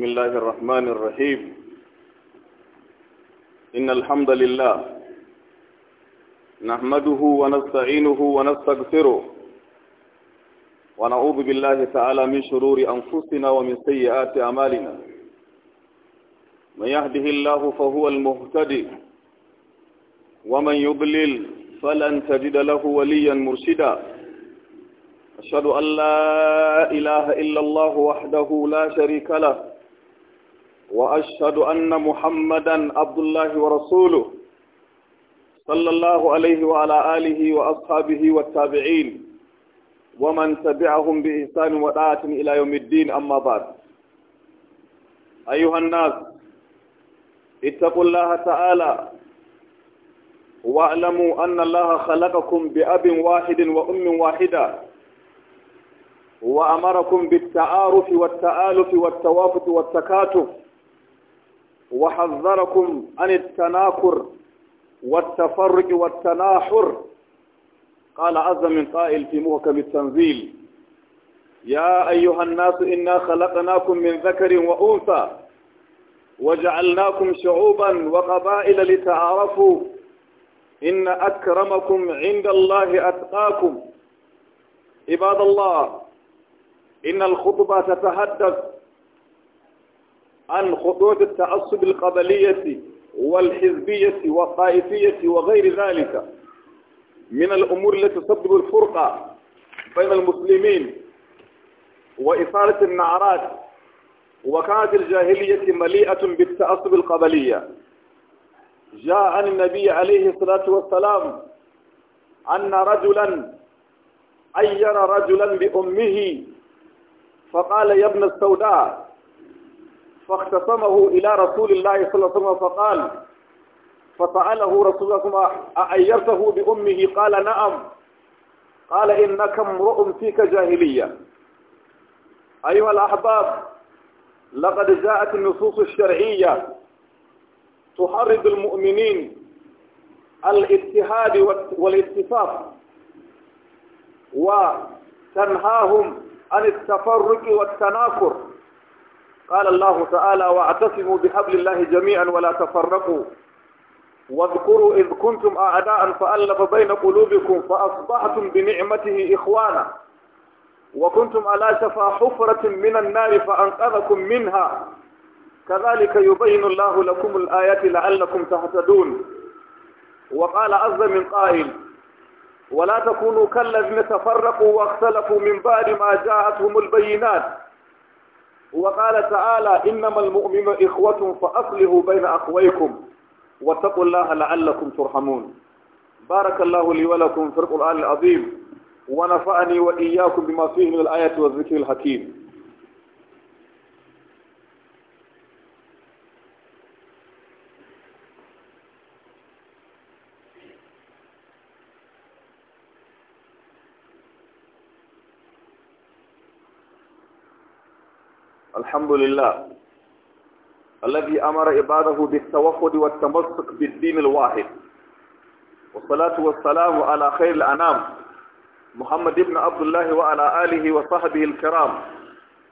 بسم الله الرحمن الرحيم إن الحمد لله نحمده ونستعينه ونستغفره ونعوذ بالله تعالى من شرور أنفسنا ومن سيئات أمالنا من يهده الله فهو المهتدي ومن يضلل فلن تجد له وليا مرشدا أشهد أن لا إله إلا الله وحده لا شريك له وأشهد أن محمدا عبد الله ورسوله صلى الله عليه وعلى آله وأصحابه والتابعين ومن تبعهم بإحسان ودعاة إلى يوم الدين أما بعد أيها الناس اتقوا الله تعالى واعلموا أن الله خلقكم بأب واحد وأم واحدة وأمركم بالتعارف والتآلف والتوافق والتكاتف وحذركم عن التناكر والتفرق والتناحر قال عز من قائل في محكم التنزيل يا أيها الناس إنا خلقناكم من ذكر وأنثى وجعلناكم شعوبا وقبائل لتعارفوا إن أكرمكم عند الله أتقاكم عباد الله إن الخطبة تتحدث عن خطوط التعصب القبلية والحزبية والطائفية وغير ذلك من الأمور التي تسبب الفرقة بين المسلمين وإثارة النعرات وكانت الجاهلية مليئة بالتعصب القبلية جاء عن النبي عليه الصلاة والسلام أن رجلا أير رجلا بأمه فقال يا ابن السوداء فاختصمه إلى رسول الله صلى الله عليه وسلم فقال فسأله رسول الله صلى الله عليه وسلم أأيرته بأمه قال نعم قال إنك امرؤ فيك جاهلية أيها الأحباب لقد جاءت النصوص الشرعية تحرض المؤمنين الاتحاد والاتفاق وتنهاهم عن التفرق والتنافر قال الله تعالى واعتصموا بحبل الله جميعا ولا تفرقوا واذكروا إذ كنتم أعداء فألف بين قلوبكم فأصبحتم بنعمته إخوانا وكنتم على شفا حفرة من النار فأنقذكم منها كذلك يبين الله لكم الآيات لعلكم تهتدون وقال عز من قائل ولا تكونوا كالذين تفرقوا واختلفوا من بعد ما جاءتهم البينات وقال تعالى إنما المؤمن إخوة فأصلحوا بين أخويكم واتقوا الله لعلكم ترحمون بارك الله لي ولكم في القرآن العظيم ونفعني وإياكم بما فيه من الآيات والذكر الحكيم الحمد لله الذي أمر عباده بالتوحد والتمسك بالدين الواحد والصلاة والسلام على خير الأنام محمد بن عبد الله وعلى آله وصحبه الكرام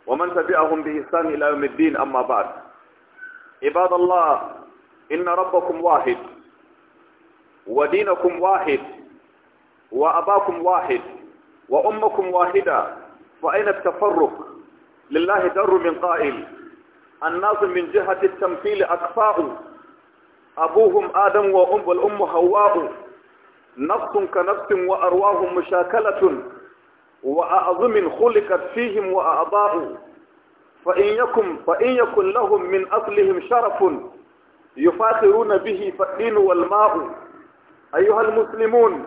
ومن تبعهم بإحسان إلى يوم الدين أما بعد عباد الله إن ربكم واحد ودينكم واحد وأباكم واحد وأمكم واحدة فأين التفرق لله در من قائل الناس من جهة التمثيل أكفاء أبوهم آدم وأم والأم هواء نفس كنفس وأرواهم مشاكلة وأعظم خلقت فيهم وأعضاء فإن يكن, فإن يكن لهم من أصلهم شرف يفاخرون به فالدين والماء أيها المسلمون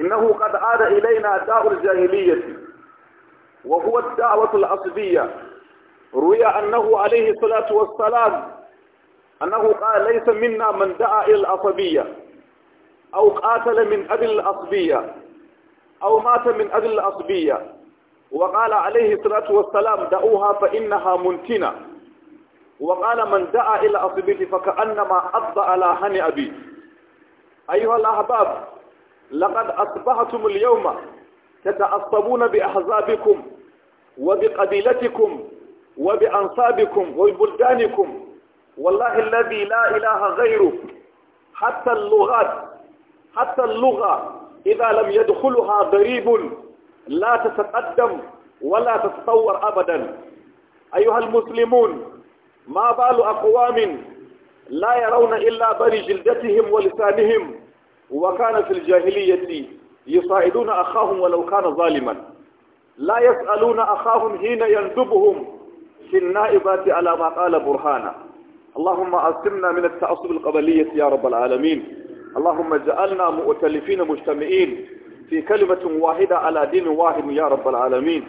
إنه قد عاد إلينا داء الجاهلية وهو الدعوة العصبية روي أنه عليه الصلاة والسلام أنه قال ليس منا من دعا إلى العصبية أو قاتل من أجل العصبية أو مات من أجل العصبية وقال عليه الصلاة والسلام دعوها فإنها منتنة وقال من دعا إلى العصبية فكأنما أضع على هني أبي أيها الأحباب لقد أصبحتم اليوم تتعصبون بأحزابكم وبقبيلتكم وبأنصابكم وببلدانكم والله الذي لا إله غيره حتى اللغات حتى اللغة إذا لم يدخلها غريب لا تتقدم ولا تتطور أبدا أيها المسلمون ما بال أقوام لا يرون إلا بر جلدتهم ولسانهم وكان في الجاهلية يصاعدون أخاهم ولو كان ظالما la yas'aluna akhahum hina yandubuhum في النائبات على ما قال برهانا اللهم أسلمنا من التعصب القبلية يا رب العالمين اللهم جعلنا مؤتلفين مجتمعين في كلمة واحدة على دين واحد يا رب العالمين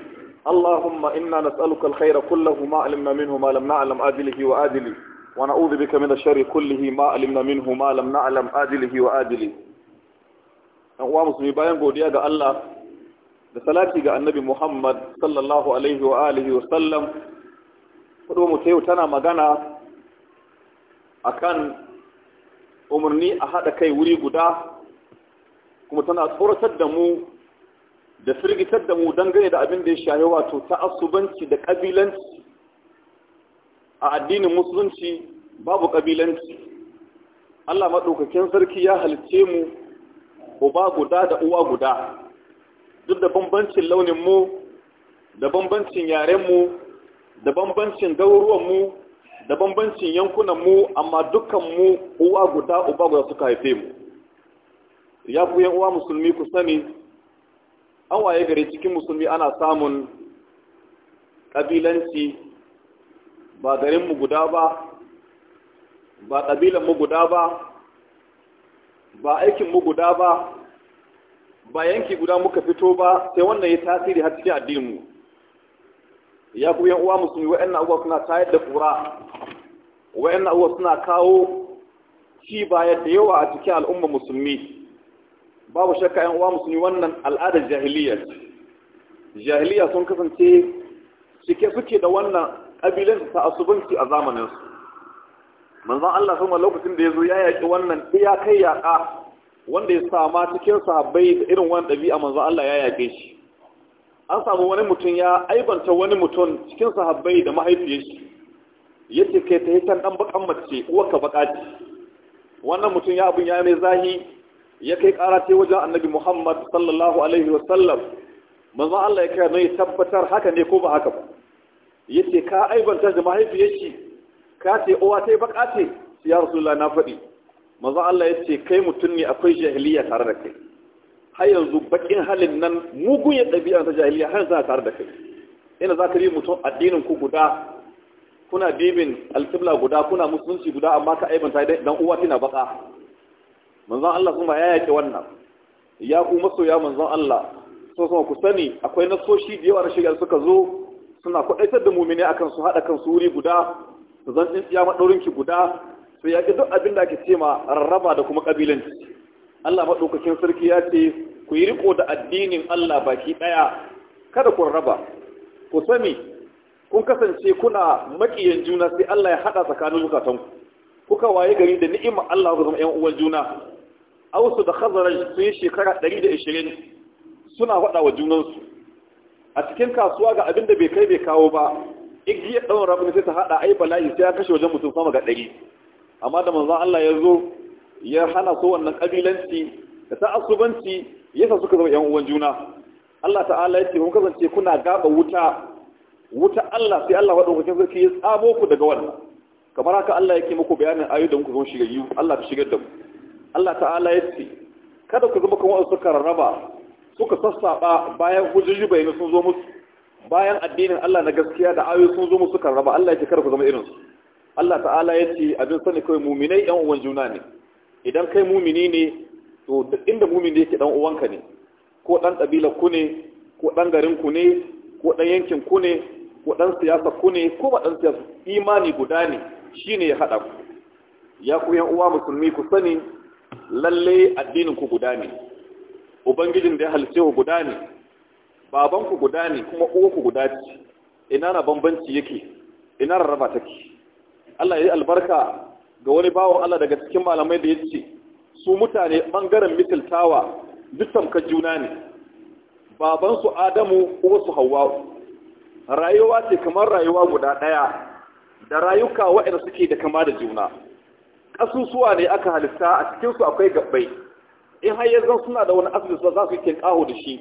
اللهم إنا نسألك الخير كله ما علمنا منه ما لم نعلم آدله وآدله ونعوذ بك من الشر كله ما علمنا منه ما لم نعلم آدله وآدله أقوى مسلمي باين قوديا الله da salati ga annabi Muhammad sallallahu alaihi wa alihi wa sallam kudu mu yau tana magana akan umarni a haɗa kai wuri guda kuma tana tsoratar da mu da firgitar da mu dangane da abin da ya shahi wato ta'assubanci da ƙabilanci a addinin musulunci babu ƙabilanci Allah maɗaukakin sarki ya halice mu uba guda da uwa guda duk da bambancin launin mu da bambancin yaren mu da bambancin garuruwan mu da bambancin yankunan mu amma dukkan mu uwa guda uba guda suka haife mu ya ku yan uwa musulmi ku sani an waye gare cikin musulmi ana samun kabilanci ba garin mu guda ba ba kabilan guda ba ba aikin mu guda ba ba yanki guda muka fito ba sai wannan ya tasiri har cikin addininmu ya ku yan uwa musulmi wa'annan abubuwa suna tayar da kura wa'annan abubuwa suna kawo ci baya da yawa a cikin al'umma musulmi babu shakka yan uwa musulmi wannan al'adar jahiliya jahiliya sun kasance cike suke da wannan ƙabilansu ta asubanci a zamaninsu manzon Allah sama lokacin da ya zo ya yaƙi wannan iyakai yaƙa wanda ya sama cikin sahabbai da irin wani ɗabi'a manzo Allah ya yaƙe shi an samu wani mutum ya aibanta wani mutum cikin sahabbai da mahaifiyar shi ya ce kai ta hitan ɗan bakan mace uwarka baka ce wannan mutum ya abin ya mai zahi ya kai ƙara ce wajen annabi muhammad sallallahu alaihi wa sallam. manzo Allah ya kai ya tabbatar haka ne ko ba haka ba ya ce ka aibanta da mahaifiyar shi ka ce uwa ta yi baka ce ya rasulullah na faɗi maza Allah ya ce kai mutum ne akwai jahiliya tare da kai har yanzu bakin halin nan mugun ya ɗabi'a ta jahiliya har yanzu tare da kai ina za ka yi mutum addinin ku guda kuna bibin alkibla guda kuna musulunci guda amma ka aibanta dan uwa tana baka manzon Allah kuma ya yake wannan ya ku masoya manzon Allah so kuma ku sani akwai nasoshi da yawa na shiga suka zo suna kwadaitar da mu'mini akan su hada kan su wuri guda su zan tsintsiya madaurin ki guda ya yaƙi duk abin da ake ce ma rarraba da kuma kabilanci. Allah madaukakin sarki ya ce ku yi riko da addinin Allah baki daya kada ku raba ku sani kun kasance kuna maƙiyan juna sai Allah ya haɗa tsakanin zukatanku kuka waye gari da ni'ima Allah ku zama ƴan uwan juna ausu da khazaraj sun yi shekara 120 suna faɗa wa junansu a cikin kasuwa ga abin da bai kai bai kawo ba igiya ɗaurin rabin sai ta haɗa ai bala'i sai ya kashe wajen mutum sama ga ɗari amma da manzon Allah ya zo ya hana su wannan kabilanci da ta'assubanci yasa suka zama yan uwan juna Allah ta'ala ya ce kun kasance kuna gaba wuta wuta Allah sai Allah madaukakin sarki ya tsamo ku daga wannan kamar haka Allah yake muku bayanin ayoyin da muku zo shiga yi Allah ta shigar da mu Allah ta'ala ya ce kada ku zama kamar suka rarraba suka sassaba bayan hujjoji bayan sun zo musu bayan addinin Allah na gaskiya da ayoyi sun zo musu suka rarraba Allah ya ce kada ku zama irin su Allah ta'ala ya ce abin sani kawai muminai yan uwan juna ne idan kai mumini ne to inda mumini yake dan uwanka ne ko dan kabila ku ne ko dan garin ku ne ko dan yankin ku ne ko dan siyasa ku ne ko ba dan siyasa imani guda ne shine ya hada ku ya ku yan uwa musulmi ku sani lalle addinin ku guda ne ubangijin da ya halice ku guda ne baban guda ne kuma uwa guda ce ina na bambanci yake ina rarraba take Allah ya yi albarka ga wani bawon Allah daga cikin malamai da ya ce su mutane ɓangaren misaltawa duk juna ne babansu adamu wasu hawa rayuwa ce kamar rayuwa guda ɗaya da rayuka waɗanda suke da kama da juna ƙasusuwa ne aka halitta a cikinsu akwai gabbai in har yanzu suna da wani asali za su yi ƙaho da shi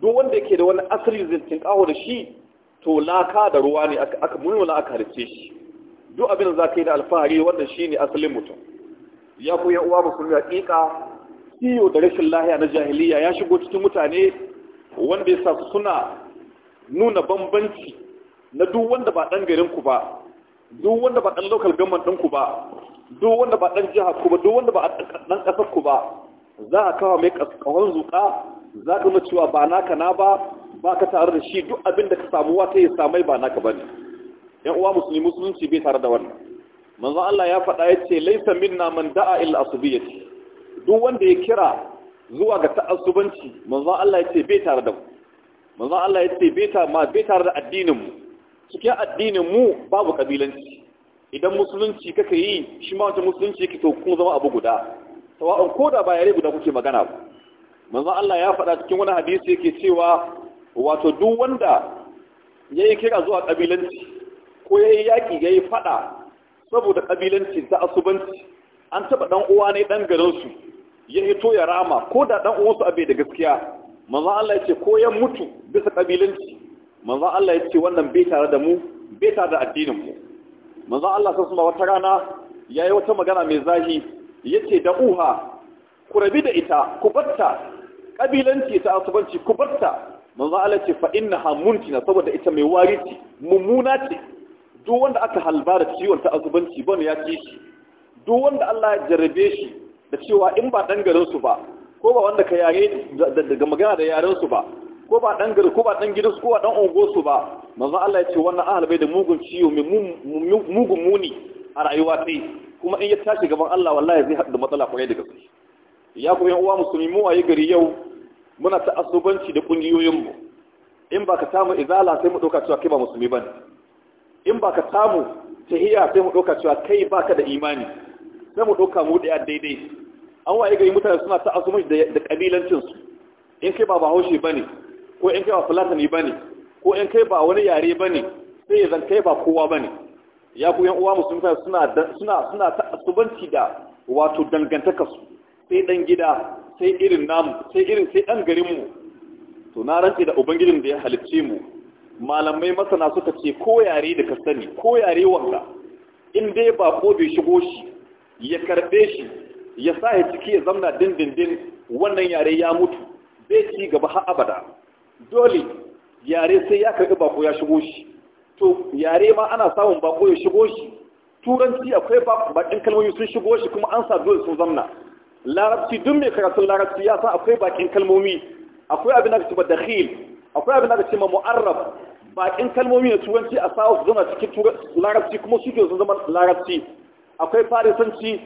duk wanda yake da wani asali zai ƙaho da shi to laka da ruwa ne aka wani aka halitta shi duk abin da za ka yi da alfahari wannan shi ne asalin mutum ya ku yan uwa musulmi yaƙiƙa ciwo da rashin lahiya na jahiliya ya shigo cikin mutane wanda ya sa suna nuna bambanci na duk wanda ba ɗan garinku ba duk wanda ba ɗan local government ɗinku ba duk wanda ba ɗan jiha ku ba duk wanda ba ɗan ƙasar ku ba za a kawo mai ƙawon zuƙa za ka cewa ba naka na ba ba ka tare da shi duk abin da ka samu wata ya samai ba naka ba ne yan uwa musulmi musulunci bai tare da wannan manzo Allah ya faɗa ya ce minna man da'a illa asubiyyati duk wanda ya kira zuwa ga ta'assubanci manzo Allah ya ce bai tare da mu manzo Allah ya ce bai ta ma bai tare da addinin mu cikin addinin mu babu kabilanci idan musulunci kaka yi shi ma wancan musulunci yake to kun zama abu guda sawa'un koda ba yare guda kuke magana ba manzo Allah ya faɗa cikin wani hadisi yake cewa wato duk wanda yayi kira zuwa kabilanci ko ya yi yaƙi ya yi faɗa saboda ƙabilanci da asubanci an taɓa ɗan uwa ne ɗan garinsu ya hito ya rama ko da ɗan uwansu abai da gaskiya manzan Allah ya ce ko ya mutu bisa ƙabilanci manzan Allah ya ce wannan bai tare da mu bai tare da addinin mu manzan Allah sun suma wata rana ya yi wata magana mai zahi ya ce da uha ku rabi da ita ku batta ƙabilanci ta asubanci ku batta manzan Allah ya ce fa inna hamuntina saboda ita mai wari ce mummuna ce duk wanda aka halba da ciwon ta ba ne ya ci shi duk wanda Allah ya jarabe shi da cewa in ba dan garin su ba ko ba wanda ka yare daga magana da yaren su ba ko ba dan garin ko ba dan gidansu ko ba dan ungo su ba manzo Allah ya ce wannan ahalbai da mugun ciwo mai mugun muni a rayuwa sai kuma in ya tashi gaban Allah wallahi zai hadu da matsala kwaye da gaske ya ku yan uwa musulmi mu waye gari yau muna ta asubanci da kungiyoyin mu in ba ka samu izala sai mu dauka cewa kai ba musulmi bane in ba ka samu ta tahiya sai mu ɗauka cewa kai ba ka da imani sai mu ɗauka mu ɗaya daidai an waye gari mutane suna ta azumi da ƙabilancinsu in kai ba bahaushe ba ne ko in kai ba fulatani ba ne ko in kai ba wani yare ba ne sai ya zan kai ba kowa ba ne ya ku yan uwa musulmi suna suna suna ta asubanci da wato dangantaka su sai dan gida sai irin namu sai irin sai dan garinmu to na rantsi da ubangijin da ya halicce mu malamai masana suka ce ko yare da ka sani ko yare wanda in dai ba ko bai shigo shi ya karbe shi ya sa ya ciki ya zamna dindindin wannan yare ya mutu bai ci gaba har abada dole yare sai ya karbi bako ya shigo shi to yare ma ana samun bako ya shigo shi turanci akwai bakin kalmomi sun shigo shi kuma an sa dole sun zamna larabci duk mai karatun larabci ya san akwai bakin kalmomi akwai abin da ba dakhil akwai abin da aka ce ma mu'arrab bakin kalmomi na turanci a sawa su zama cikin larabci kuma su ke zama larabci akwai farisanci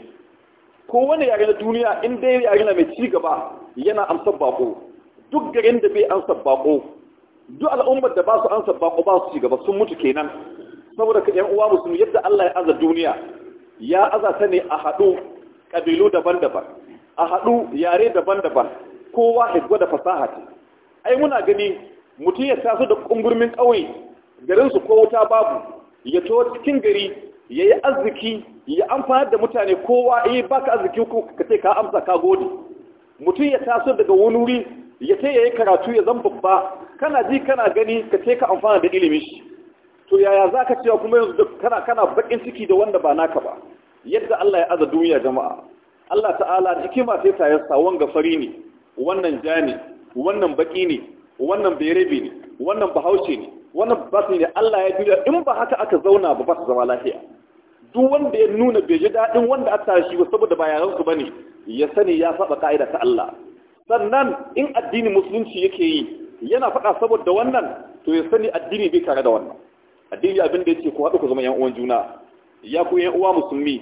ko wani yare na duniya in dai yare na mai cigaba yana amsar bako duk garin da bai amsa bako duk al'ummar da ba su amsa bako ba su cigaba sun mutu kenan saboda ka yan uwa musulmi yadda Allah ya aza duniya ya aza ta ne a haɗu ƙabilu daban-daban a haɗu yare daban-daban kowa ya gwada fasaha ai muna gani mutum ya taso da ƙungurmin ƙauye garinsu ko wuta babu ya to cikin gari ya yi arziki ya amfana da mutane kowa ya eh, baka arziki ko ka ce ka amsa ka gode mutum ya taso daga wani wuri ya ce ya yi karatu ya zan babba kana ji kana gani ka ce ka amfana da ilimin shi to yaya za ka cewa kuma yanzu kana kana bakin ciki da wanda ba naka ba yadda Allah ya aza duniya jama'a Allah ta'ala hikima sai ta yasa wanga fari ne wannan jani wannan baki ne wannan berebe ne wannan bahaushe ne wannan ba su ne Allah ya biya in ba haka aka zauna ba ba su zama lafiya duk wanda ya nuna bai ji daɗin wanda aka tashi shi ba saboda bayanan su bane ya sani ya saba ka'ida ta Allah sannan in addini musulunci yake yi yana faɗa saboda wannan to ya sani addini bai tare da wannan addini abin da yake ko haɗu ku zama yan uwan juna ya ku yan uwa musulmi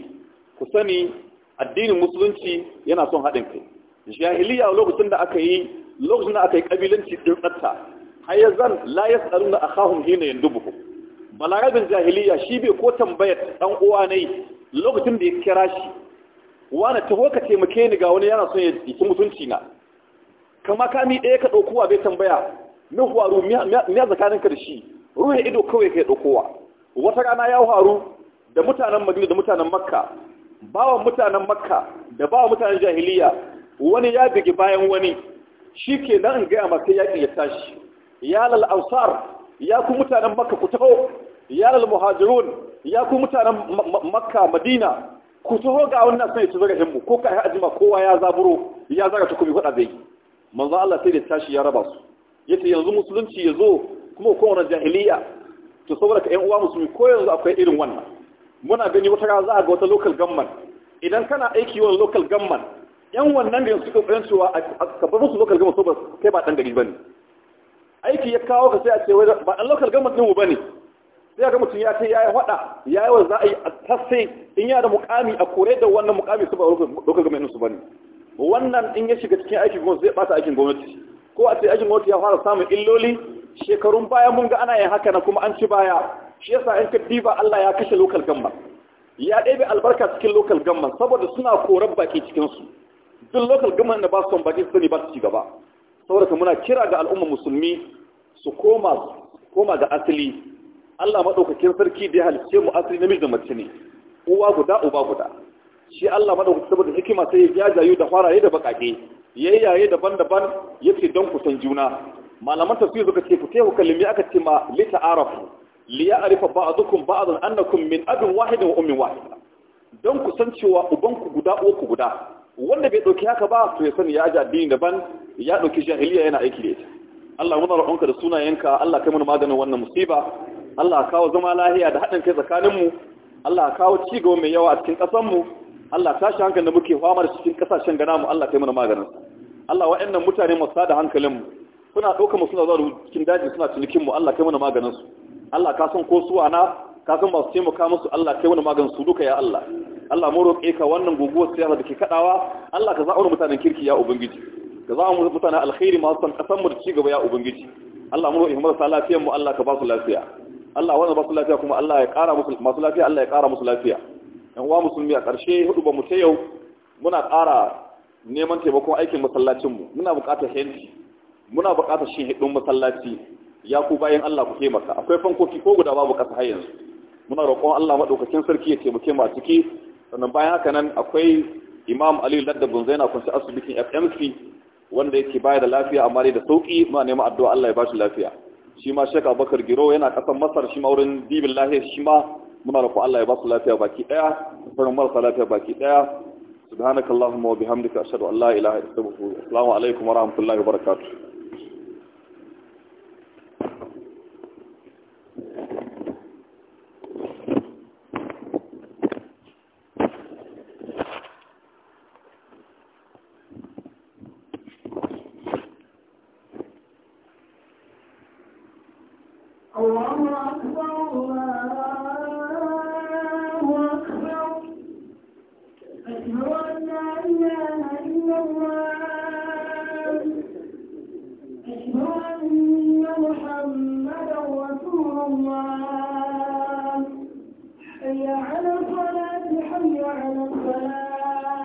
ku sani addinin musulunci yana son haɗin kai jahiliya lokacin da aka yi lokacin da aka yi kabilanci din tsatta har ya zan la ya tsaru na akahum hina yanzu buku balarabin jahiliya shi bai ko tambayar ɗan uwa ne lokacin da ya kira shi wani taho ka taimake ni ga wani yana son ya ci mutunci na kama mi ɗaya ka ɗaukowa bai tambaya min faru miya ka da shi ruhe ido kawai ka ɗaukowa wata rana ya faru da mutanen madina da mutanen makka bawa mutanen makka da bawa mutanen jahiliya wani ya bigi bayan wani shi ke nan in gaya maka yaƙi ya tashi ya lal ansar ya ku mutanen makka ku taho ya lal ya ku mutanen makka madina ku taho ga wannan sai su zaga himmu ko ka haji kowa ya zaburo ya zaga ta kuma fada zai manzo Allah sai da tashi ya raba su yace yanzu musulunci ya zo kuma ko wannan jahiliya to saboda ka ƴan uwa musulmi ko yanzu akwai irin wannan muna gani wata rana za a ga wata local government idan kana aiki wa lokal government yan wannan da suka kokarin cewa a bar musu local government saboda kai ba dan gari ne aiki ya kawo ka sai a ce ba dan local government din mu bane sai ga mutum ya ce yayi hada yi wa za a yi tasai in ya da mukami a kore da wannan mukami su ba local government su ne wannan in ya shiga cikin aikin gwamnati zai bata aikin gwamnati ko a ce aikin gwamnati ya fara samun illoli shekarun baya mun ga ana yin haka na kuma an ci baya shi yasa in ka diba Allah ya kashe local government ya ɗebe albarka cikin local government saboda suna korar baki cikin su duk lokal gama da ba su baki su sani ba su ci gaba saboda muna kira ga al'umma musulmi su koma koma ga asali Allah maɗaukakin sarki da ya halice mu asali namiji da mace ne uwa guda uba guda shi Allah madaukakin saboda hikima sai ya jajayu da faraye da bakake yayyaye daban-daban yace don kusan juna malaman tafsir suka ce ku taimaka kalimi aka ce ma li ta'arafu li ya'rifa ba'dukum ba'dan annakum min abin wahidin wa ummin wahida don kusancewa ubanku guda uku guda wanda bai ɗauki haka ba to ya sani ya ji addini daban ya ɗauki jahiliya yana aiki da ita Allah muna roƙonka da sunayenka Allah kai mana maganin wannan musiba Allah kawo zama lahiya da haɗin kai tsakaninmu Allah kawo ci gaba mai yawa a cikin ƙasarmu Allah tashi hankali da muke fama da cikin ƙasashen gana mu Allah kai mana maganin Allah wa'annan mutane masu da hankalinmu suna ɗaukar mu suna zuwa cikin daji suna cinikin mu Allah kai mana maganin su Allah ka san ko su ka san masu taimaka musu Allah kai mana maganin su duka ya Allah Allah mu roƙe ka wannan guguwar siyasa da ke kaɗawa Allah ka zaɓa mutanen kirki ya ubangiji ka zaɓa mutanen alkhairi masu san kasan mu da ci gaba ya ubangiji Allah mu roƙe marasa lafiyar mu Allah ka ba su lafiya Allah wannan ba su lafiya kuma Allah ya ƙara musu masu lafiya Allah ya ƙara musu lafiya ɗan uwa musulmi a ƙarshe hudu ba mu ta yau muna ƙara neman taimakon aikin masallacin mu muna buƙatar hanti muna buƙatar shi hidin masallaci ya ku bayan Allah ku taimaka akwai fankoki ko guda babu ƙasa har yanzu muna roƙon Allah madaukakin sarki ya taimake mu a ciki sannan bayan haka nan akwai imam ali ladda bunzai na kwanci asibitin fmc wanda yake baya da lafiya amma dai da sauƙi, ma nema addu'a Allah ya bashi lafiya shi ma Sheikh Abubakar Giro yana kasan Masar shi ma wurin Dibin Lahiya shi ma muna ku Allah ya basu lafiya baki ɗaya, sauran marasa lafiya baki daya subhanakallahumma wa bihamdika ashhadu an la ilaha illa anta astaghfiruka wa atubu ilaik assalamu alaikum wa rahmatullahi wa barakatuh